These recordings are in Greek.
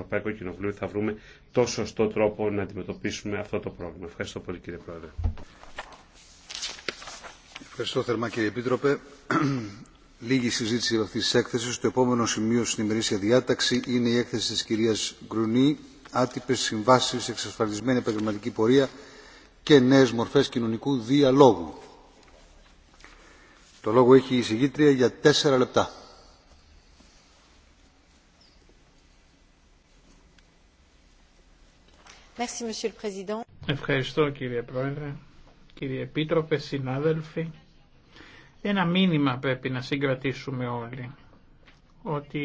Ευρωπαϊκό Κοινοβουλίο θα βρούμε το σωστό τρόπο να αντιμετωπίσουμε αυτό το πρόβλημα. Ευχαριστώ πολύ κύριε Πρόεδρε. Ευχαριστώ θερμά κύριε Επίτροπε. Λίγη συζήτηση αυτή τη έκθεση. Το επόμενο σημείο στην ημερήσια διάταξη είναι η έκθεση τη κυρία Γκρουνή. Άτυπε συμβάσει, εξασφαλισμένη επαγγελματική πορεία και νέε μορφέ κοινωνικού διαλόγου. Το λόγο έχει η συγγήτρια για τέσσερα λεπτά. Ευχαριστώ κύριε Πρόεδρε, κύριε Επίτροπε, συνάδελφοι. Ένα μήνυμα πρέπει να συγκρατήσουμε όλοι ότι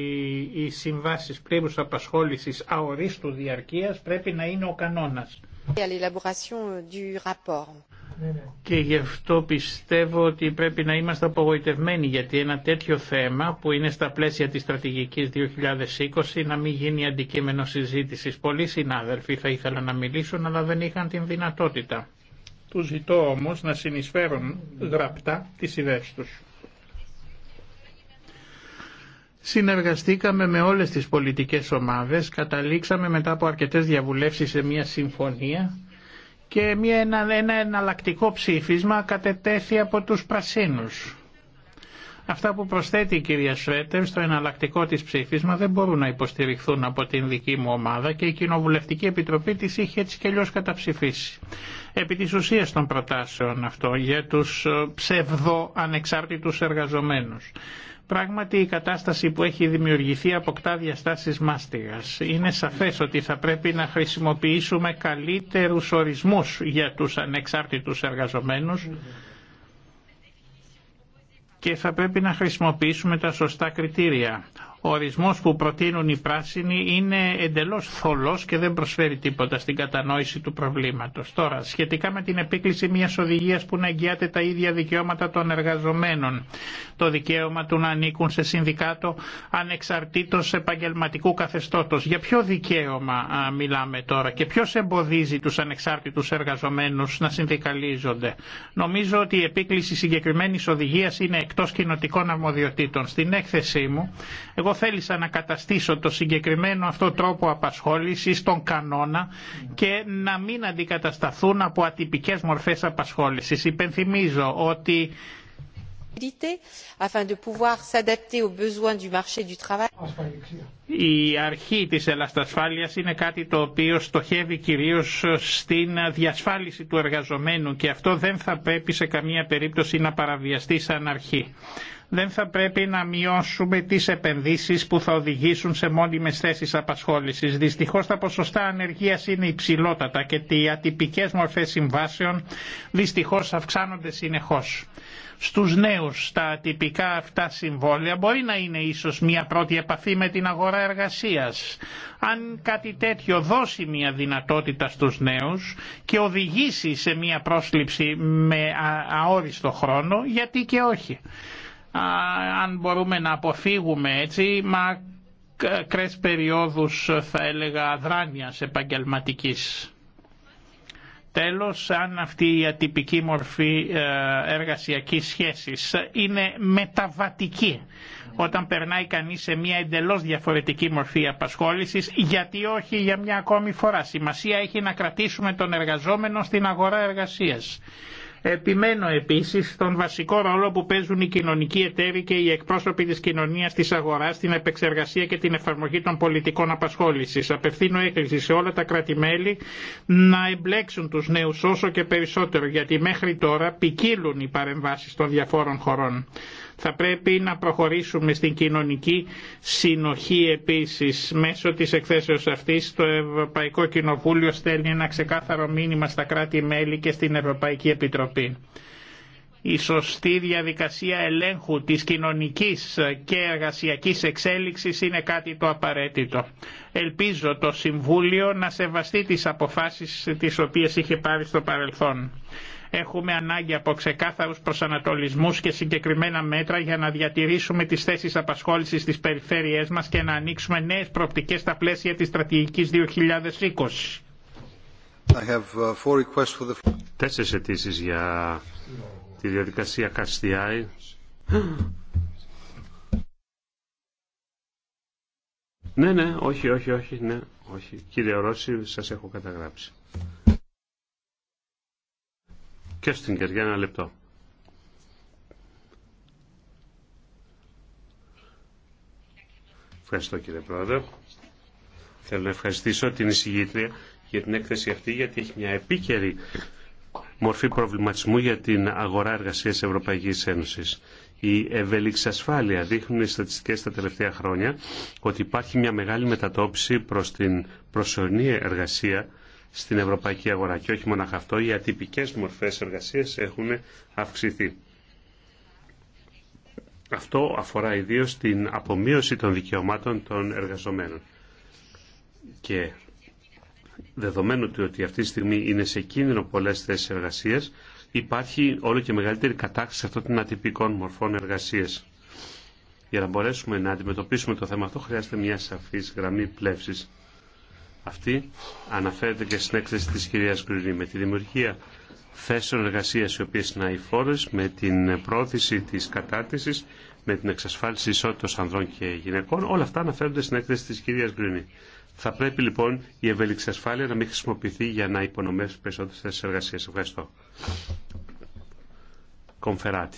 οι συμβάσεις πλήρους απασχόλησης αορίστου διαρκείας πρέπει να είναι ο κανόνας και γι' αυτό πιστεύω ότι πρέπει να είμαστε απογοητευμένοι γιατί ένα τέτοιο θέμα που είναι στα πλαίσια της στρατηγικής 2020 να μην γίνει αντικείμενο συζήτησης. Πολλοί συνάδελφοι θα ήθελαν να μιλήσουν αλλά δεν είχαν την δυνατότητα. Τους ζητώ όμως να συνεισφέρουν γραπτά τις ιδέες τους. Συνεργαστήκαμε με όλες τις πολιτικές ομάδες, καταλήξαμε μετά από αρκετές διαβουλεύσεις σε μια συμφωνία και μια, ένα, ένα εναλλακτικό ψήφισμα κατετέθη από τους πρασίνους. Αυτά που προσθέτει η κυρία Σρέτερ στο εναλλακτικό της ψήφισμα δεν μπορούν να υποστηριχθούν από την δική μου ομάδα και η Κοινοβουλευτική Επιτροπή της είχε έτσι και αλλιώς καταψηφίσει. Επί της ουσίας των προτάσεων αυτό για τους ψευδο ανεξάρτητους εργαζομένους. Πράγματι η κατάσταση που έχει δημιουργηθεί αποκτά διαστάσεις μάστιγας. Είναι σαφές ότι θα πρέπει να χρησιμοποιήσουμε καλύτερους ορισμούς για τους ανεξάρτητους εργαζομένους και θα πρέπει να χρησιμοποιήσουμε τα σωστά κριτήρια. Ο ορισμός που προτείνουν οι πράσινοι είναι εντελώς θολός και δεν προσφέρει τίποτα στην κατανόηση του προβλήματος. Τώρα, σχετικά με την επίκληση μιας οδηγίας που να εγγυάται τα ίδια δικαιώματα των εργαζομένων, το δικαίωμα του να ανήκουν σε συνδικάτο ανεξαρτήτως επαγγελματικού καθεστώτος. Για ποιο δικαίωμα μιλάμε τώρα και ποιος εμποδίζει τους ανεξάρτητους εργαζομένους να συνδικαλίζονται. Νομίζω ότι η επίκληση συγκεκριμένης οδηγίας είναι εκτός κοινοτικών αρμοδιοτήτων. Στην έκθεσή μου, θέλησα να καταστήσω το συγκεκριμένο αυτό τρόπο απασχόλησης τον κανόνα και να μην αντικατασταθούν από ατυπικές μορφές απασχόλησης. Υπενθυμίζω ότι η αρχή της ελαστασφάλειας είναι κάτι το οποίο στοχεύει κυρίως στην διασφάλιση του εργαζομένου και αυτό δεν θα πρέπει σε καμία περίπτωση να παραβιαστεί σαν αρχή δεν θα πρέπει να μειώσουμε τι επενδύσει που θα οδηγήσουν σε μόνιμες θέσει απασχόλησης. Δυστυχώ τα ποσοστά ανεργία είναι υψηλότατα και οι ατυπικές μορφές συμβάσεων δυστυχώ αυξάνονται συνεχώ. Στους νέους τα ατυπικά αυτά συμβόλαια μπορεί να είναι ίσως μια πρώτη επαφή με την αγορά εργασίας. Αν κάτι τέτοιο δώσει μια δυνατότητα στου νέου και οδηγήσει σε μια πρόσληψη με αόριστο χρόνο, γιατί και όχι αν μπορούμε να αποφύγουμε έτσι μακρές περιόδους θα έλεγα αδράνειας επαγγελματικής. Τέλος, αν αυτή η ατυπική μορφή ε, εργασιακής σχέσης είναι μεταβατική, όταν περνάει κανείς σε μια εντελώς διαφορετική μορφή απασχόλησης, γιατί όχι για μια ακόμη φορά. Σημασία έχει να κρατήσουμε τον εργαζόμενο στην αγορά εργασίας. Επιμένω επίσης στον βασικό ρόλο που παίζουν οι κοινωνικοί εταίροι και οι εκπρόσωποι της κοινωνίας της αγοράς στην επεξεργασία και την εφαρμογή των πολιτικών απασχόλησης. Απευθύνω έκκληση σε όλα τα κράτη-μέλη να εμπλέξουν τους νέους όσο και περισσότερο γιατί μέχρι τώρα ποικίλουν οι παρεμβάσεις των διαφόρων χωρών. Θα πρέπει να προχωρήσουμε στην κοινωνική συνοχή επίσης. Μέσω της εκθέσεως αυτής το Ευρωπαϊκό Κοινοβούλιο στέλνει ένα ξεκάθαρο μήνυμα στα κράτη-μέλη και στην Ευρωπαϊκή Επιτροπή η σωστή διαδικασία ελέγχου της κοινωνικής και εργασιακής εξέλιξης είναι κάτι το απαραίτητο. Ελπίζω το Συμβούλιο να σεβαστεί τις αποφάσεις τις οποίες είχε πάρει στο παρελθόν. Έχουμε ανάγκη από ξεκάθαρου προσανατολισμούς και συγκεκριμένα μέτρα για να διατηρήσουμε τι θέσει απασχόλησης στις περιφέρειές μας και να ανοίξουμε νέες προοπτικές στα πλαίσια της στρατηγικής 2020. Τέσσερι αιτήσει για τη διαδικασία Καστιάη. Ναι, ναι, όχι, όχι, όχι, ναι, όχι. Κύριε Ρώση, σας έχω καταγράψει. Κέστιγκερ, για ένα λεπτό. Ευχαριστώ κύριε Πρόεδρε. Θέλω να ευχαριστήσω την εισηγήτρια για την έκθεση αυτή γιατί έχει μια επίκαιρη μορφή προβληματισμού για την αγορά εργασίας Ευρωπαϊκής Ένωσης. Η ευελίξη ασφάλεια δείχνουν οι στατιστικές τα τελευταία χρόνια ότι υπάρχει μια μεγάλη μετατόπιση προς την προσωρινή εργασία στην ευρωπαϊκή αγορά. Και όχι μόνο αυτό, οι ατυπικές μορφές εργασίας έχουν αυξηθεί. Αυτό αφορά ιδίως την απομείωση των δικαιωμάτων των εργαζομένων. Και δεδομένου ότι αυτή τη στιγμή είναι σε κίνδυνο πολλές θέσεις εργασίες, υπάρχει όλο και μεγαλύτερη κατάξυση αυτών των ατυπικών μορφών εργασίας. Για να μπορέσουμε να αντιμετωπίσουμε το θέμα αυτό χρειάζεται μια σαφής γραμμή πλεύσης αυτή αναφέρεται και στην έκθεση της κυρίας Γκρίνη. με τη δημιουργία θέσεων εργασίας οι οποίες είναι αηφόρες, με την πρόθεση της κατάρτισης, με την εξασφάλιση ισότητας ανδρών και γυναικών. Όλα αυτά αναφέρονται στην έκθεση της κυρίας Γκρινή. Θα πρέπει λοιπόν η ευέλικτη ασφάλεια να μην χρησιμοποιηθεί για να υπονομεύσει περισσότερε θέσει εργασία. Ευχαριστώ. Κομφεράτη.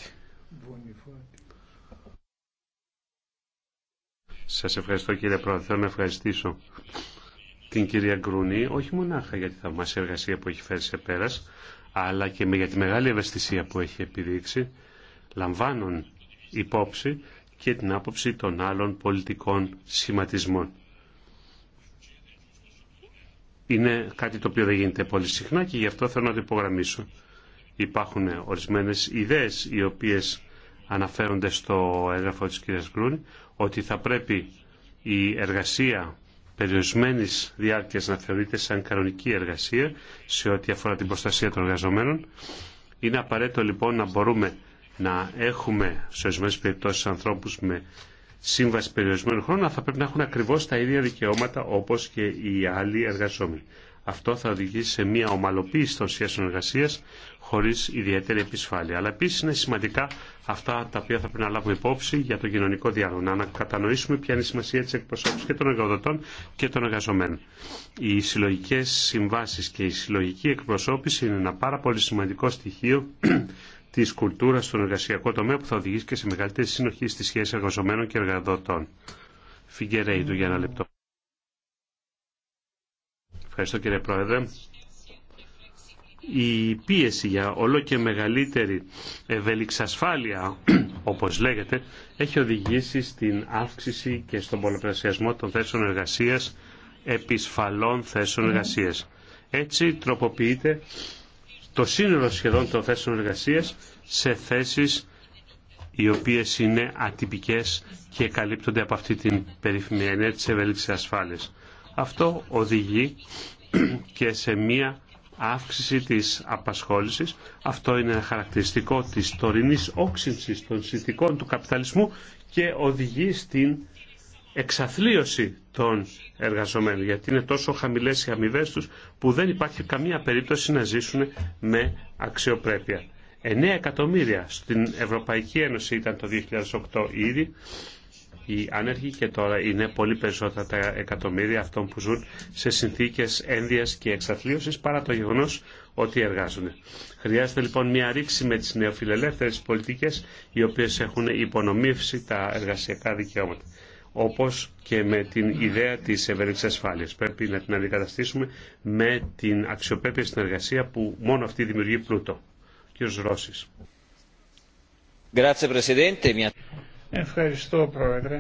Σα ευχαριστώ κύριε Πρόεδρε. Θέλω να ευχαριστήσω την κυρία Γκρουνή, όχι μονάχα για τη θαυμάσια εργασία που έχει φέρει σε πέρας, αλλά και για τη μεγάλη ευαισθησία που έχει επιδείξει, λαμβάνουν υπόψη και την άποψη των άλλων πολιτικών σχηματισμών. Είναι κάτι το οποίο δεν γίνεται πολύ συχνά και γι' αυτό θέλω να το υπογραμμίσω. Υπάρχουν ορισμένες ιδέες οι οποίες αναφέρονται στο έγγραφο της κυρίας Γκρούνη ότι θα πρέπει η εργασία περιορισμένη διάρκεια να θεωρείται σαν κανονική εργασία σε ό,τι αφορά την προστασία των εργαζομένων. Είναι απαραίτητο λοιπόν να μπορούμε να έχουμε σε ορισμένε περιπτώσει ανθρώπου με σύμβαση περιορισμένου χρόνου, αλλά θα πρέπει να έχουν ακριβώ τα ίδια δικαιώματα όπω και οι άλλοι εργαζόμενοι. Αυτό θα οδηγήσει σε μια ομαλοποίηση των σχέσεων εργασία χωρί ιδιαίτερη επισφάλεια. Αλλά επίση είναι σημαντικά αυτά τα οποία θα πρέπει να λάβουμε υπόψη για το κοινωνικό διάλογο. Να κατανοήσουμε ποια είναι η σημασία τη εκπροσώπηση και των εργοδοτών και των εργαζομένων. Οι συλλογικέ συμβάσει και η συλλογική εκπροσώπηση είναι ένα πάρα πολύ σημαντικό στοιχείο τη κουλτούρα στον εργασιακό τομέα που θα οδηγήσει και σε μεγαλύτερη συνοχή στη σχέση εργαζομένων και εργαδοτών. για ένα λεπτό. Ευχαριστώ κύριε Πρόεδρε. Η πίεση για όλο και μεγαλύτερη ευελιξασφάλεια, όπως λέγεται, έχει οδηγήσει στην αύξηση και στον πολλαπλασιασμό των θέσεων εργασίας, επισφαλών θέσεων εργασίας. Έτσι τροποποιείται το σύνολο σχεδόν των θέσεων εργασίας σε θέσεις οι οποίες είναι ατυπικές και καλύπτονται από αυτή την περίφημη ενέργεια της ευελίξης αυτό οδηγεί και σε μία αύξηση της απασχόλησης. Αυτό είναι χαρακτηριστικό της τωρινής όξυνσης των συνθηκών του καπιταλισμού και οδηγεί στην εξαθλίωση των εργαζομένων γιατί είναι τόσο χαμηλές οι αμοιβέ τους που δεν υπάρχει καμία περίπτωση να ζήσουν με αξιοπρέπεια. 9 εκατομμύρια στην Ευρωπαϊκή Ένωση ήταν το 2008 ήδη οι άνεργοι και τώρα είναι πολύ περισσότερα τα εκατομμύρια αυτών που ζουν σε συνθήκες ένδυας και εξαθλίωσης παρά το γεγονός ότι εργάζονται. Χρειάζεται λοιπόν μια ρήξη με τις νεοφιλελεύθερες πολιτικές οι οποίες έχουν υπονομεύσει τα εργασιακά δικαιώματα όπως και με την ιδέα της ευέλικτη ασφάλεια. Πρέπει να την αντικαταστήσουμε με την αξιοπρέπεια στην εργασία που μόνο αυτή δημιουργεί πλούτο. Κύριος Ρώση. Ευχαριστώ Πρόεδρε.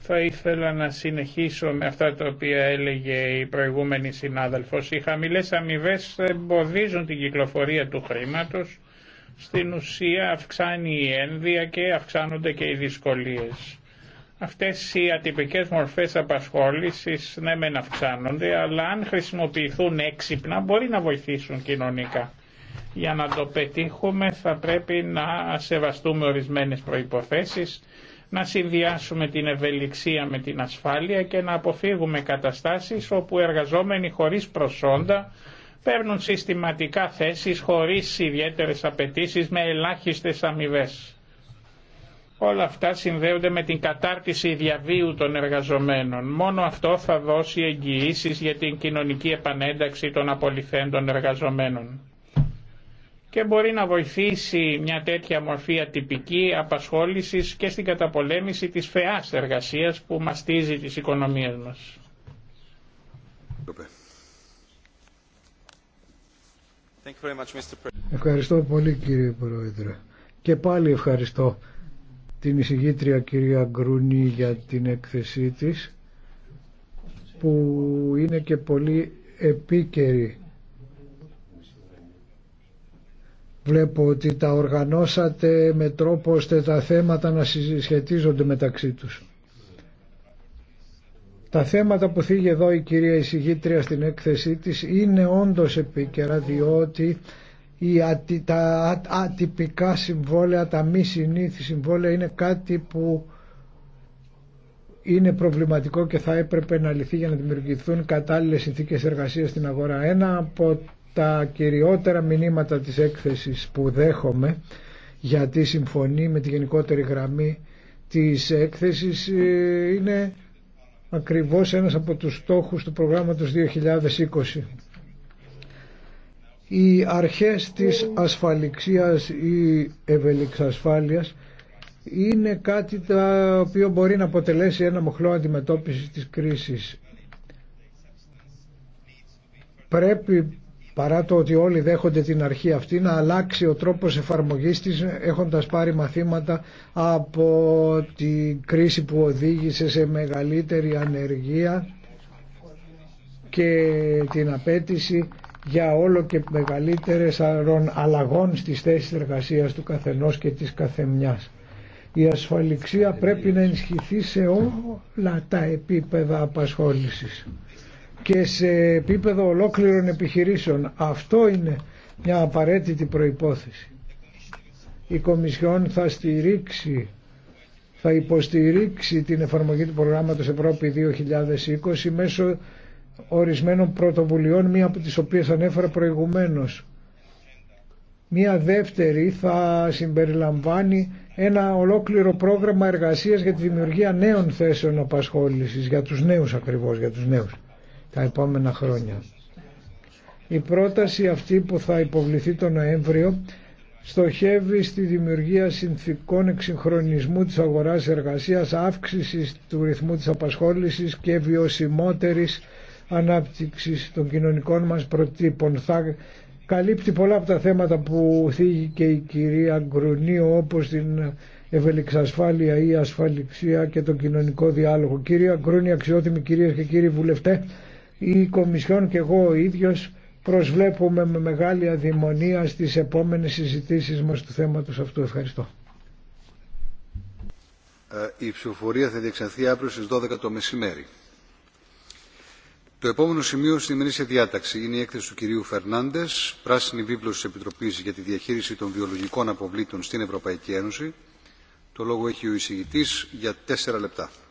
Θα ήθελα να συνεχίσω με αυτά τα οποία έλεγε η προηγούμενη συνάδελφος. Οι χαμηλές αμοιβέ εμποδίζουν την κυκλοφορία του χρήματος. Στην ουσία αυξάνει η ένδυα και αυξάνονται και οι δυσκολίες. Αυτές οι ατυπικές μορφές απασχόλησης ναι μεν αυξάνονται, αλλά αν χρησιμοποιηθούν έξυπνα μπορεί να βοηθήσουν κοινωνικά. Για να το πετύχουμε θα πρέπει να σεβαστούμε ορισμένες προϋποθέσεις να συνδυάσουμε την ευελιξία με την ασφάλεια και να αποφύγουμε καταστάσεις όπου εργαζόμενοι χωρίς προσόντα παίρνουν συστηματικά θέσεις χωρίς ιδιαίτερες απαιτήσεις με ελάχιστες αμοιβέ. Όλα αυτά συνδέονται με την κατάρτιση διαβίου των εργαζομένων. Μόνο αυτό θα δώσει εγγυήσεις για την κοινωνική επανένταξη των απολυθέντων εργαζομένων και μπορεί να βοηθήσει μια τέτοια μορφή ατυπική απασχόλησης και στην καταπολέμηση της φεάς εργασίας που μαστίζει τις οικονομίες μας. Ευχαριστώ πολύ κύριε Πρόεδρε. Και πάλι ευχαριστώ την εισηγήτρια κυρία Γκρούνη για την έκθεσή της που είναι και πολύ επίκαιρη Βλέπω ότι τα οργανώσατε με τρόπο ώστε τα θέματα να συσχετίζονται μεταξύ τους. Τα θέματα που θίγει εδώ η κυρία εισηγήτρια στην έκθεσή της είναι όντως επίκαιρα διότι τα ατυπικά συμβόλαια, τα μη συνήθη συμβόλαια είναι κάτι που είναι προβληματικό και θα έπρεπε να λυθεί για να δημιουργηθούν κατάλληλες συνθήκες εργασίας στην αγορά. Ένα από τα κυριότερα μηνύματα της έκθεσης που δέχομαι γιατί συμφωνεί με τη γενικότερη γραμμή της έκθεσης ε, είναι ακριβώς ένας από τους στόχους του προγράμματος 2020. Οι αρχές της ασφαλιξίας ή ευελιξασφάλειας είναι κάτι το οποίο μπορεί να αποτελέσει ένα μοχλό αντιμετώπιση της κρίσης. Πρέπει παρά το ότι όλοι δέχονται την αρχή αυτή να αλλάξει ο τρόπος εφαρμογής της έχοντας πάρει μαθήματα από την κρίση που οδήγησε σε μεγαλύτερη ανεργία και την απέτηση για όλο και μεγαλύτερες αλλαγών στις θέσεις εργασίας του καθενός και της καθεμιάς. Η ασφαλιξία πρέπει να ενισχυθεί σε όλα τα επίπεδα απασχόλησης και σε επίπεδο ολόκληρων επιχειρήσεων. Αυτό είναι μια απαραίτητη προϋπόθεση. Η Κομισιόν θα στηρίξει θα υποστηρίξει την εφαρμογή του προγράμματος Ευρώπη 2020 μέσω ορισμένων πρωτοβουλειών, μία από τις οποίες ανέφερα προηγουμένως. Μία δεύτερη θα συμπεριλαμβάνει ένα ολόκληρο πρόγραμμα εργασίας για τη δημιουργία νέων θέσεων απασχόλησης, για τους νέους ακριβώς, για τους νέους τα επόμενα χρόνια. Η πρόταση αυτή που θα υποβληθεί τον Νοέμβριο στοχεύει στη δημιουργία συνθήκων εξυγχρονισμού της αγοράς εργασίας, αύξησης του ρυθμού της απασχόλησης και βιωσιμότερης ανάπτυξης των κοινωνικών μας προτύπων. Θα καλύπτει πολλά από τα θέματα που θίγει και η κυρία Γκρουνίου όπως την ευελιξασφάλεια ή ασφαλιξία και τον κοινωνικό διάλογο. Κυρία Γκρούνη, αξιότιμοι κυρίες και κύριοι βουλευτέ, η Κομισιόν και εγώ ο ίδιος προσβλέπουμε με μεγάλη αδημονία στις επόμενες συζητήσεις μας του θέματος αυτού. Ευχαριστώ. Ε, η ψηφοφορία θα διεξανθεί αύριο στις 12 το μεσημέρι. Το επόμενο σημείο στην ημερήσια διάταξη είναι η έκθεση του κυρίου Φερνάντε, πράσινη βίβλο τη Επιτροπή για τη διαχείριση των βιολογικών αποβλήτων στην Ευρωπαϊκή Ένωση. Το λόγο έχει ο εισηγητή για τέσσερα λεπτά.